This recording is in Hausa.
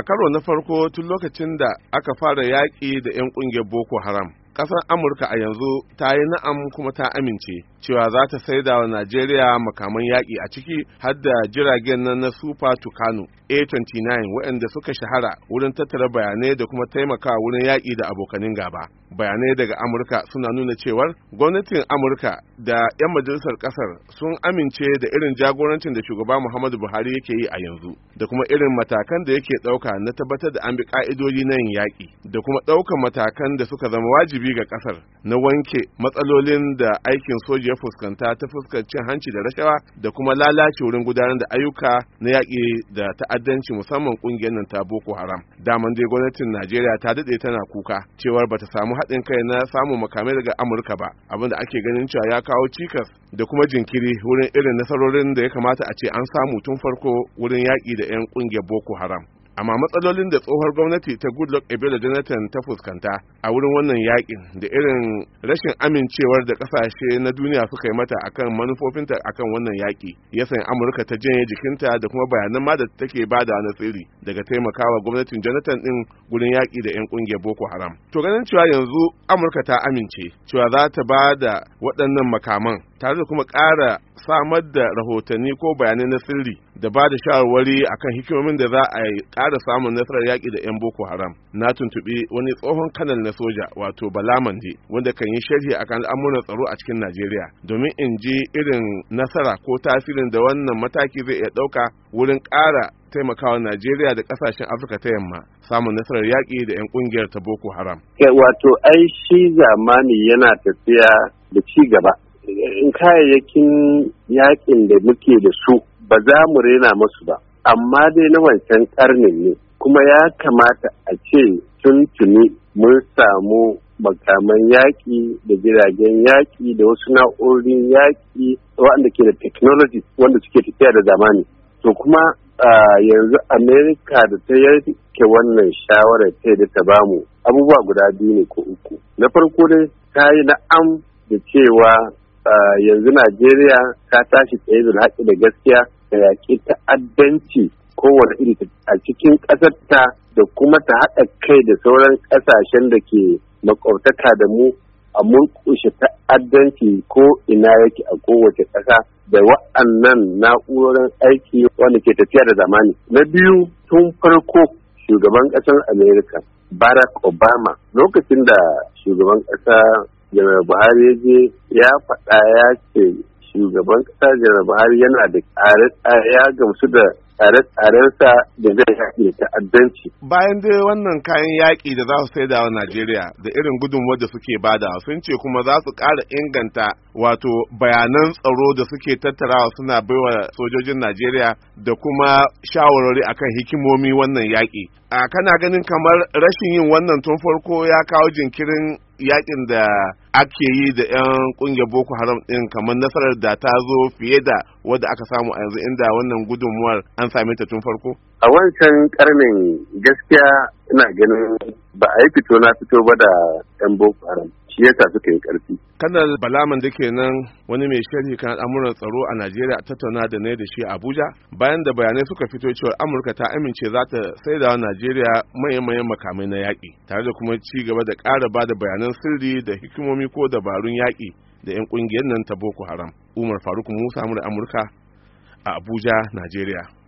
a karo na farko tun lokacin da aka fara yaƙi da 'yan ƙungiyar boko haram ƙasar amurka a yanzu ta yi na'am kuma ta amince cewa za ta saida wa najeriya makaman yaƙi a ciki har da jiragen nan na super tucano A29 waɗanda suka shahara wurin tattara bayanai da kuma taimaka wurin yaƙi da abokanin gaba. Bayanai daga Amurka suna nuna cewar gwamnatin Amurka da 'yan majalisar ƙasar sun amince da irin jagorancin da shugaba Muhammadu Buhari yake yi a yanzu da kuma irin matakan da yake ɗauka na tabbatar da an bi ƙa'idodi na yin yaƙi da kuma ɗaukar matakan da suka zama wajibi ga ƙasar na wanke matsalolin da aikin soja ya fuskanta ta fuskar cin hanci da rashawa da kuma lalace wurin gudanar da ayyuka na yaƙi da ta'adda. ta'addanci musamman kungiyar nan ta Boko Haram. Daman dai gwamnatin Najeriya ta dade tana kuka cewar bata samu haɗin kai na samun makamai daga Amurka ba, abinda ake ganin cewa ya kawo cikas da kuma jinkiri wurin irin nasarorin da ya kamata a ce an samu tun farko wurin yaki da 'yan ƙungiyar Boko Haram. amma matsalolin da tsohuwar gwamnati ta goodluck ebele jonathan ta fuskanta a wurin wannan yakin da irin rashin amincewar da kasashe na duniya suka yi mata akan manufofinta akan wannan yaki ya san amurka ta janye jikinta da kuma bayanan ma da take bada na tsiri daga taimakawa gwamnatin jonathan din gurin yaki da yan kungiyar boko haram to ganin cewa yanzu amurka ta amince cewa za ta ba da waɗannan makaman tare da kuma ƙara samar da rahotanni ko bayanai na sirri da ba da shawarwari a kan hikimomin da za a ƙara samun nasarar yaƙi da 'yan boko haram na tuntuɓi wani tsohon kanal na soja wato balamande wanda kan yi sharhi a kan al'amuran tsaro a cikin najeriya domin in ji irin nasara ko tasirin da wannan mataki zai iya ɗauka wurin ƙara taimakawa Najeriya da ƙasashen Afirka ta yamma samun nasarar yaƙi da 'yan ƙungiyar ta Boko Haram. Eh, wato ai shi zamani yana tafiya da ci gaba. in kayayyakin yakin da muke da su ba za mu rena masu ba amma dai na wancan karnin ne kuma ya kamata a ce tun tuni mun samu makaman yaƙi da jiragen yaƙi da wasu na'urorin yaƙi waɗanda ke da technology wanda suke tafiya da zamani to kuma yanzu amerika da ta yanke wannan shawarar ta da ta bamu abubuwa guda biyu ne ko uku na farko dai ta yi na'am da cewa yanzu Najeriya ta tashi tsaye da haƙi da gaskiya da yaƙi ta'addanci kowane iri a cikin ƙasar ta. da kuma ta haɗa kai da sauran ƙasashen da ke makwabtaka da mu a murƙushe ta'addanci ko ina yake a kowace ƙasa da wa'annan na'urorin aiki wanda ke tafiya da zamani. Na biyu tun farko shugaban ƙasar Amerika Barack Obama lokacin da shugaban ƙasa janar buhari ya je ya faɗa ya ce shugaban ƙasa janar buhari yana da tsare ya gamsu da tsare-tsarensa da zai yaƙi ta'addanci. bayan dai wannan kayan yaƙi da za su sai wa najeriya da irin gudunmawar da suke bada sun ce kuma za su ƙara inganta wato bayanan tsaro da suke tattarawa suna baiwa sojojin najeriya da kuma shawarwari akan hikimomi wannan yaƙi a kana ganin kamar rashin yin wannan tun farko ya kawo jinkirin yakin da ake yi da 'yan kungiyar boko haram din kamar nasarar da ta zo fiye da wadda aka samu a yanzu inda wannan gudunmuwar an same ta tun farko a wancan karnin gaskiya ina ganin ba a yi fito na fito ba da 'yan boko haram shi yasa suka yi karfi kanar balaman da ke nan wani mai sharhi kan al'amuran tsaro a najeriya tattauna da ne da shi abuja bayan da bayanai suka fito cewa amurka ta amince za ta saida wa najeriya manyan makamai na yaƙi tare da kuma ci gaba da ƙara ba da bayanan sirri da hikimomi ko dabarun yaƙi da 'yan ƙungiyar nan ta boko haram umar faruk musa amurka a abuja najeriya